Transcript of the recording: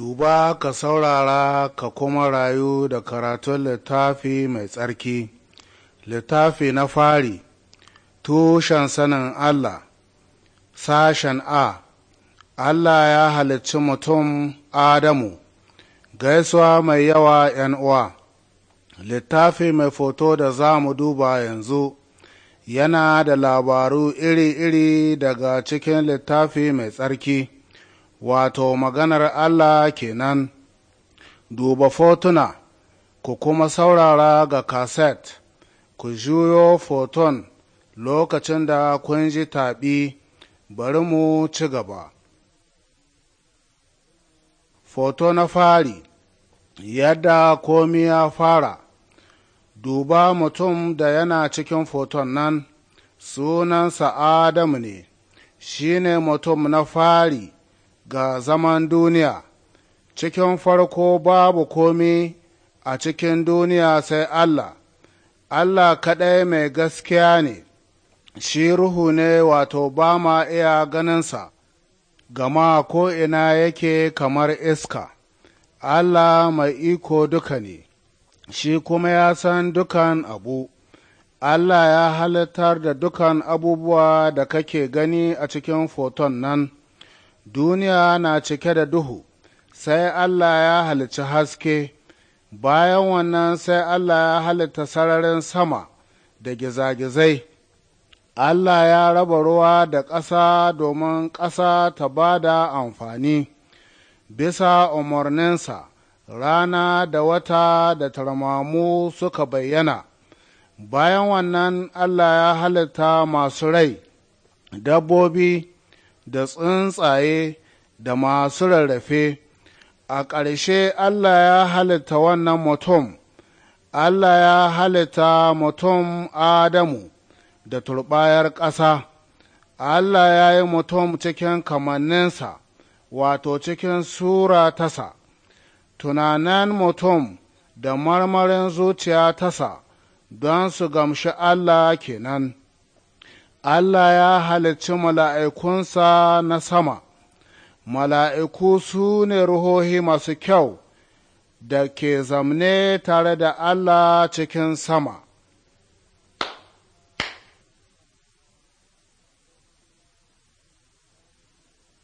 duba ka saurara ka kuma rayu da karatun littafi mai tsarki littafi na fari tushen sanin allah sashen a allah ya halicci mutum adamu gaisuwa mai yawa yan uwa littafi mai foto da za mu duba yanzu yana da labaru iri-iri daga cikin littafi mai tsarki wato maganar Allah kenan duba fotuna ku kuma saurara ga kaset ku juyo foton lokacin da kun ji taɓi bari mu ci gaba foto na fari yadda komi ya fara duba mutum da yana cikin foton nan sunansa adamu ne shi ne mutum na fari ga zaman duniya cikin farko babu komi a cikin duniya sai Allah Allah kaɗai mai gaskiya ne shi ruhu ne wato ba ma iya ganinsa gama ko'ina yake kamar iska Allah mai iko duka ne shi kuma ya san dukan abu Allah ya halittar da dukan abubuwa da kake gani a cikin foton nan duniya na cike da duhu, sai Allah ya halicci haske, bayan wannan sai Allah ya halitta sararin sama da gizagizai. Allah ya raba ruwa da ƙasa domin ƙasa ta ba da amfani, bisa umarninsa rana da wata da tarmamu suka bayyana. Bayan wannan Allah ya halitta masu rai, dabbobi da tsuntsaye da masu rarrafe a ƙarshe allah ya halitta wannan mutum allah ya halitta mutum adamu da turbayar ƙasa allah ya yi mutum cikin kamanninsa wato cikin sura tasa tunanin mutum da marmarin zuciya tasa don su gamshi allah kenan Allah ya halicci mala'ikunsa na sama, mala'iku su ne ruhohi masu kyau da ke zamne tare da Allah cikin sama.